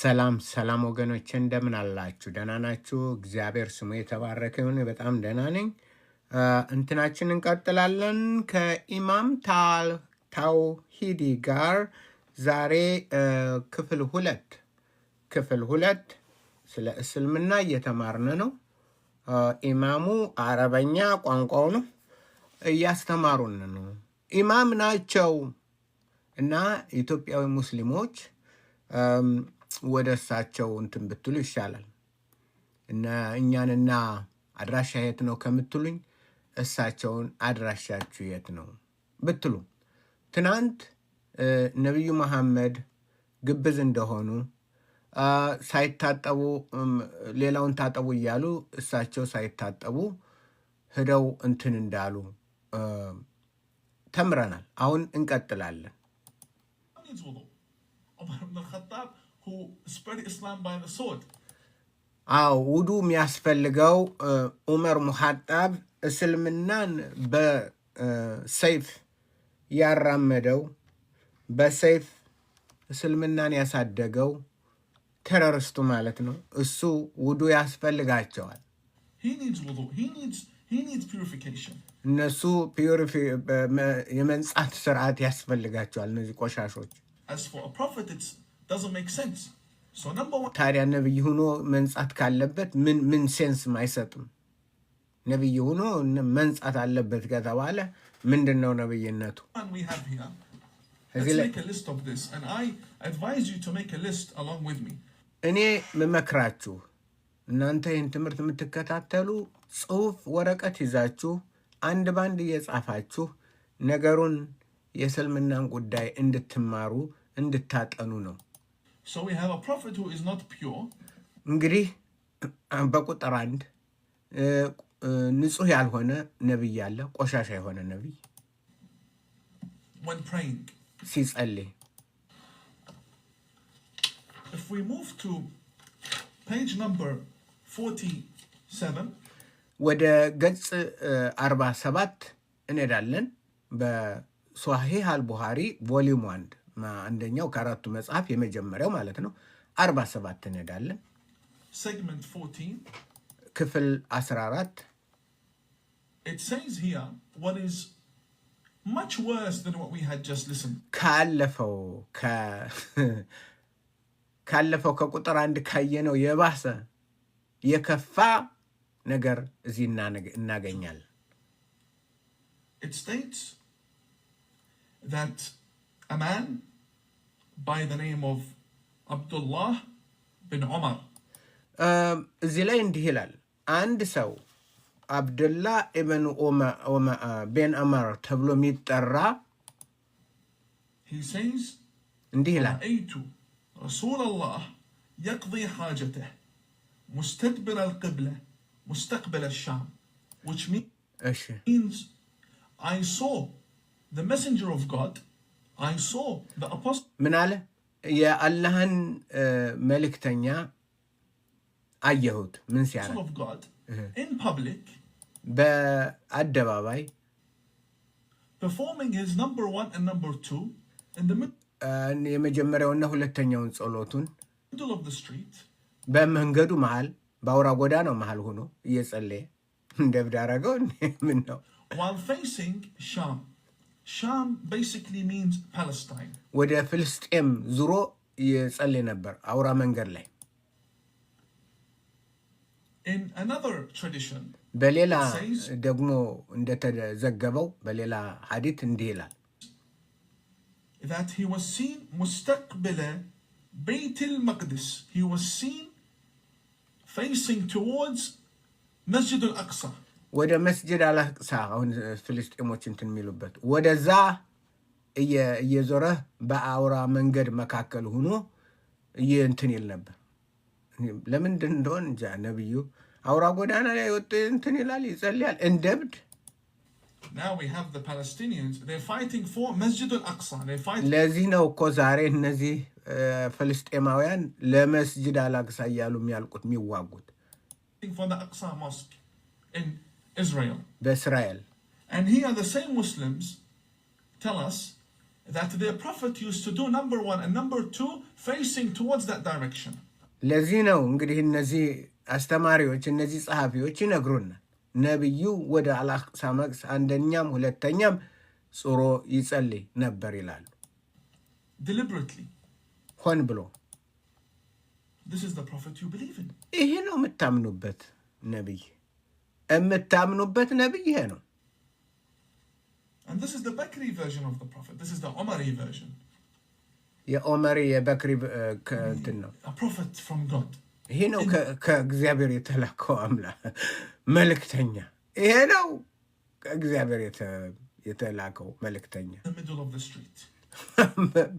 ሰላም ሰላም ወገኖች እንደምን አላችሁ? ደህና ናችሁ? እግዚአብሔር ስሙ የተባረከ ይሁን። በጣም ደህና ነኝ። እንትናችን እንቀጥላለን ከኢማም ታውሂዲ ጋር ዛሬ ክፍል ሁለት ክፍል ሁለት ስለ እስልምና እየተማርን ነው። ኢማሙ አረበኛ ቋንቋው ነው እያስተማሩን ነው። ኢማም ናቸው እና ኢትዮጵያዊ ሙስሊሞች ወደ እሳቸው እንትን ብትሉ ይሻላል። እና እኛንና አድራሻ የት ነው ከምትሉኝ እሳቸውን አድራሻችሁ የት ነው ብትሉ ትናንት ነቢዩ መሐመድ ግብዝ እንደሆኑ ሳይታጠቡ ሌላውን ታጠቡ እያሉ እሳቸው ሳይታጠቡ ሂደው እንትን እንዳሉ ተምረናል። አሁን እንቀጥላለን። አዎ ውዱ የሚያስፈልገው ኡመር ሙሐጣብ እስልምናን በሰይፍ ያራመደው በሰይፍ እስልምናን ያሳደገው ቴረሪስቱ ማለት ነው። እሱ ውዱ ያስፈልጋቸዋል። እነሱ የመንጻት ስርዓት ያስፈልጋቸዋል። እነዚህ ቆሻሾች ታዲያ ነብይ ሆኖ መንጻት ካለበት ምን ምን ሴንስም አይሰጥም? ነብይ ሆኖ መንጻት አለበት ከተባለ ምንድን ነው ነብይነቱ? እኔ መመክራችሁ እናንተ ይህን ትምህርት የምትከታተሉ ጽሁፍ ወረቀት ይዛችሁ አንድ ባንድ እየጻፋችሁ ነገሩን የእስልምናን ጉዳይ እንድትማሩ እንድታጠኑ ነው። እንግዲህ በቁጥር አንድ ንጹህ ያልሆነ ነቢይ አለ። ቆሻሻ የሆነ ነቢይ ሲጸልይ ወደ ገጽ 47 እንሄዳለን። በሷሂህ አል ቡሃሪ ቮሊዩም 1 አንደኛው ከአራቱ መጽሐፍ የመጀመሪያው ማለት ነው። አርባ ሰባት እንሄዳለን። ክፍል 14 ካለፈው ካለፈው ከቁጥር አንድ ካየነው የባሰ የከፋ ነገር እዚህ እናገኛለን። a man by the name of Abdullah bin Zila um, Zilaind Hilal and saw Abdullah ibn Umar uh, bin Umar Tablumit Ra. He says, Ra'aytu Rasulullah yaqdi hajateh mustadbir al qibla mustaqbil al sham. Which means, means I saw the messenger of God ምን አለ? የአላህን መልእክተኛ አየሁት። ምን ሲያረግ? በአደባባይ የመጀመሪያውና ሁለተኛውን ጸሎቱን በመንገዱ መሃል በአውራ ጎዳናው መሃል ሆኖ እየጸለየ እንደብድ አረገው። ምን ነው Sham basically means Palestine. ወደ ፍልስጤም ዙሮ ይጸልይ ነበር አውራ መንገድ ላይ። In another tradition, በሌላ ደግሞ እንደተዘገበው በሌላ ሐዲት እንዲህ ይላል that he was seen مستقبل He was seen facing towards Masjid al-Aqsa. ወደ መስጅድ አላቅሳ አሁን ፍልስጤሞች እንትን የሚሉበት ወደዛ እየዞረህ በአውራ መንገድ መካከል ሆኖ እንትን ይል ነበር። ለምንድን እንደሆን እንጃ። ነብዩ አውራ ጎዳና ላይ ወጥ እንትን ይላል፣ ይጸልያል እንደ እብድ። ለዚህ ነው እኮ ዛሬ እነዚህ ፍልስጤማውያን ለመስጅድ አላቅሳ እያሉ የሚያልቁት የሚዋጉት Israel. The Israel. And here the same Muslims tell us that their prophet used to do number one and number two facing towards that direction. ለዚህ ነው እንግዲህ እነዚህ አስተማሪዎች እነዚህ ጸሐፊዎች ይነግሩናል። ነቢዩ ወደ መቅስ አንደኛም ሁለተኛም ጽሮ ይጸልይ ነበር ይላሉ። deliberately ሆን ብሎ this is the prophet you believe in ይሄ ነው የምታምኑበት ነቢይ የምታምኑበት ነብይ ይሄ ነው። የኦመሪ የበክሪ እንትን ነው። ይሄ ነው ከእግዚአብሔር የተላከው አምላ መልክተኛ። ይሄ ነው ከእግዚአብሔር የተላከው መልክተኛ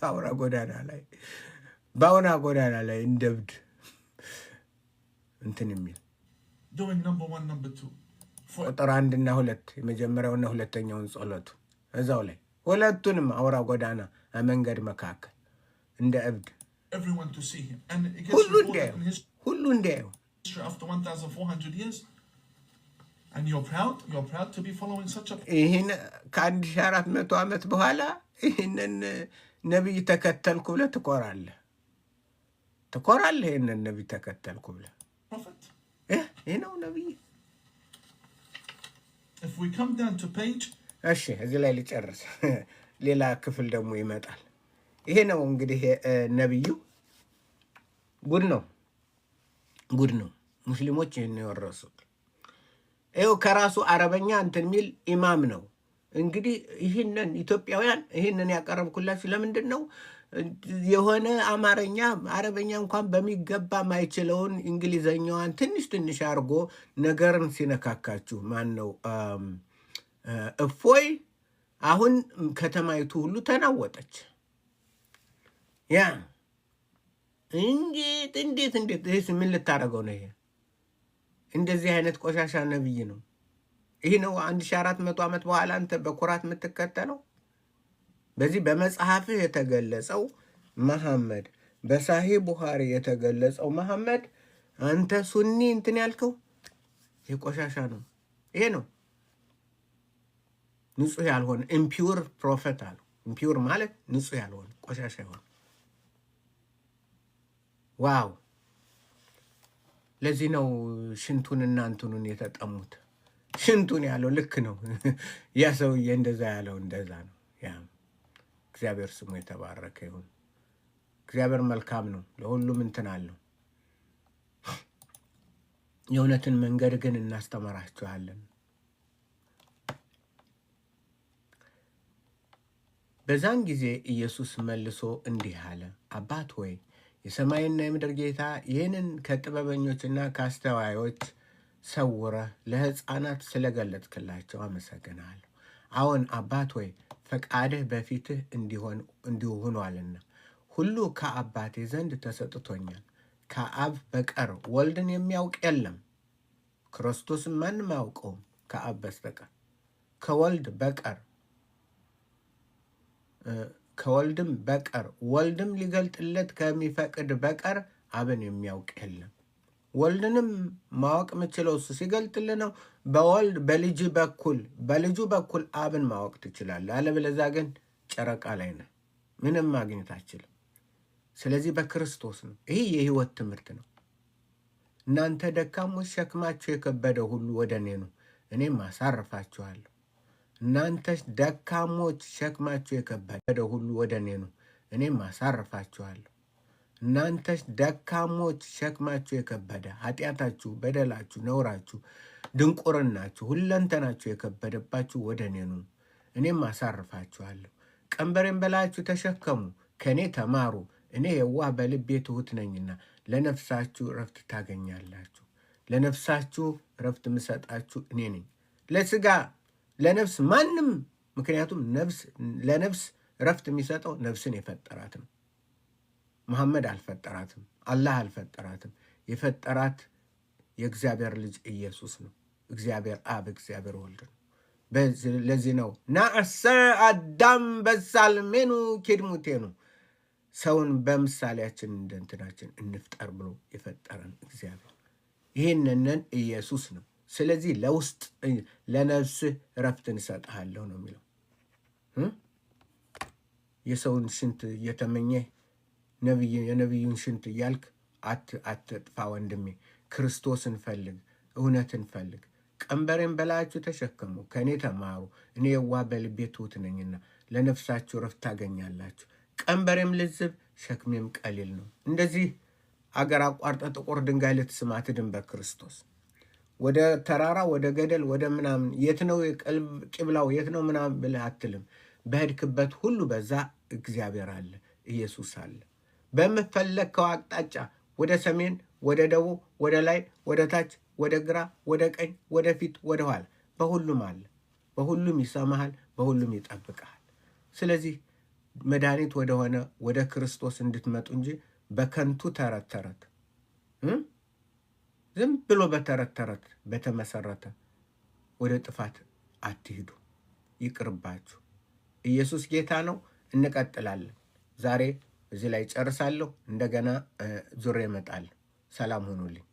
በአውራ ጎዳና ላይ በአውራ ጎዳና ላይ እንደብድ እንትን የሚል ቁጥር አንድና ሁለት የመጀመሪያውና ሁለተኛውን ጸሎቱ እዛው ላይ ሁለቱንም አውራ ጎዳና መንገድ መካከል እንደ እብድ ሁሉ እንዲያየው ሁሉ እንዲያየው ይህን ከአንድ ሺህ አራት መቶ ዓመት በኋላ ይህንን ነቢይ ተከተልኩ ብለህ ትኮራለህ፣ ትኮራለህ። ይህንን ነቢይ ተከተልኩ ብለህ ይህ ነው ነብይ። እሺ እዚህ ላይ ልጨርስ፣ ሌላ ክፍል ደግሞ ይመጣል። ይሄ ነው እንግዲህ ነብዩ። ጉድ ነው ጉድ ነው። ሙስሊሞች ይህን የወረሱት ይኸው ከራሱ አረበኛ እንትን የሚል ኢማም ነው። እንግዲህ ይህንን ኢትዮጵያውያን ይህንን ያቀረብኩላችሁ ለምንድን ነው? የሆነ አማርኛ አረበኛ እንኳን በሚገባ ማይችለውን እንግሊዘኛዋን ትንሽ ትንሽ አድርጎ ነገርን ሲነካካችሁ ማን ነው እፎይ። አሁን ከተማይቱ ሁሉ ተናወጠች። ያ እንዴት እንዴት እንዴት ይህ ምን ልታደርገው ነው? ይሄ እንደዚህ አይነት ቆሻሻ ነብይ ነው። ይህ ነው አንድ ሺህ አራት መቶ ዓመት በኋላ አንተ በኩራት የምትከተለው። በዚህ በመጽሐፍህ የተገለጸው መሐመድ በሳሂ ቡሃሪ የተገለጸው መሐመድ አንተ ሱኒ እንትን ያልከው የቆሻሻ ቆሻሻ ነው። ይሄ ነው ንጹህ ያልሆነ ኢምፒውር ፕሮፌት አሉ። ኢምፒውር ማለት ንጹህ ያልሆነ ቆሻሻ የሆነ ዋው። ለዚህ ነው ሽንቱን እና እንትኑን የተጠሙት። ሽንቱን ያለው ልክ ነው ያ ሰውዬ እንደዛ ያለው እንደዛ ነው። እግዚአብሔር ስሙ የተባረከ ይሁን። እግዚአብሔር መልካም ነው፣ ለሁሉም እንትን አለው። የእውነትን መንገድ ግን እናስተምራችኋለን። በዛን ጊዜ ኢየሱስ መልሶ እንዲህ አለ፣ አባት ሆይ የሰማይና የምድር ጌታ ይህንን ከጥበበኞችና ከአስተዋዮች ሰውረ ለሕፃናት ስለገለጥክላቸው አመሰግናለሁ። አዎን አባት ወይ ፈቃድህ በፊትህ እንዲሁ ሆኗልና ሁሉ ከአባቴ ዘንድ ተሰጥቶኛል። ከአብ በቀር ወልድን የሚያውቅ የለም፣ ክርስቶስ ማንም አያውቀውም ከአብ በስተቀር ከወልድ በቀር ከወልድም በቀር ወልድም ሊገልጥለት ከሚፈቅድ በቀር አብን የሚያውቅ የለም። ወልድንም ማወቅ የምችለው እሱ ሲገልጥል ነው። በወልድ በልጅ በኩል በልጁ በኩል አብን ማወቅ ትችላለህ። አለበለዚያ ግን ጨረቃ ላይ ነህ፣ ምንም ማግኘት አችልም። ስለዚህ በክርስቶስ ነው። ይህ የህይወት ትምህርት ነው። እናንተ ደካሞች ሸክማችሁ የከበደ ሁሉ ወደ እኔ ነው፣ እኔም አሳርፋችኋለሁ። እናንተ ደካሞች ሸክማችሁ የከበደ ሁሉ ወደ እኔ ነው፣ እኔም አሳርፋችኋለሁ። እናንተ ደካሞች ሸክማችሁ የከበደ ኃጢአታችሁ፣ በደላችሁ፣ ነውራችሁ፣ ድንቁርናችሁ፣ ሁለንተናችሁ የከበደባችሁ ወደ እኔ ኑ፣ እኔም አሳርፋችኋለሁ። ቀንበሬን በላያችሁ ተሸከሙ፣ ከእኔ ተማሩ፣ እኔ የዋህ በልቤ ትሑት ነኝና ለነፍሳችሁ ረፍት ታገኛላችሁ። ለነፍሳችሁ ረፍት የምሰጣችሁ እኔ ነኝ። ለስጋ ለነፍስ ማንም ምክንያቱም ለነፍስ ረፍት የሚሰጠው ነፍስን የፈጠራት ነው። መሐመድ አልፈጠራትም፣ አላህ አልፈጠራትም። የፈጠራት የእግዚአብሔር ልጅ ኢየሱስ ነው። እግዚአብሔር አብ፣ እግዚአብሔር ወልድ ነው። ለዚህ ነው ናዕሰ አዳም ሜኑ ኬድሙቴ ነው ሰውን በምሳሌያችን እንደንትናችን እንፍጠር ብሎ የፈጠረን እግዚአብሔር ይህንንን ኢየሱስ ነው። ስለዚህ ለውስጥ ለነፍስህ ረፍትን እሰጥሃለሁ ነው የሚለው የሰውን ስንት እየተመኘህ ነብይ የነብዩን ሽንት እያልክ አትጥፋ ወንድሜ። ክርስቶስን ፈልግ፣ እውነትን ፈልግ። ቀንበሬን በላያችሁ ተሸከሙ፣ ከእኔ ተማሩ፣ እኔ የዋህ በልቤ ትሑት ነኝና ለነፍሳችሁ ረፍት ታገኛላችሁ። ቀንበሬም ልዝብ ሸክሜም ቀሊል ነው። እንደዚህ አገር አቋርጠ ጥቁር ድንጋይ ልትስም ትድን በክርስቶስ ወደ ተራራ ወደ ገደል ወደ ምናምን የት ነው ቂብላው የት ነው ምናምን ብለህ አትልም። በሄድክበት ሁሉ በዛ እግዚአብሔር አለ፣ ኢየሱስ አለ። በምፈለግከው አቅጣጫ ወደ ሰሜን፣ ወደ ደቡብ፣ ወደ ላይ፣ ወደ ታች፣ ወደ ግራ፣ ወደ ቀኝ፣ ወደ ፊት፣ ወደ ኋላ በሁሉም አለ። በሁሉም ይሰማሃል፣ በሁሉም ይጠብቀሃል። ስለዚህ መድኃኒት ወደሆነ ወደ ክርስቶስ እንድትመጡ እንጂ በከንቱ ተረት ተረት ዝም ብሎ በተረት ተረት በተመሰረተ ወደ ጥፋት አትሂዱ። ይቅርባችሁ። ኢየሱስ ጌታ ነው። እንቀጥላለን ዛሬ እዚህ ላይ ጨርሳለሁ። እንደገና ዙሬ እመጣለሁ። ሰላም ሁኑልኝ።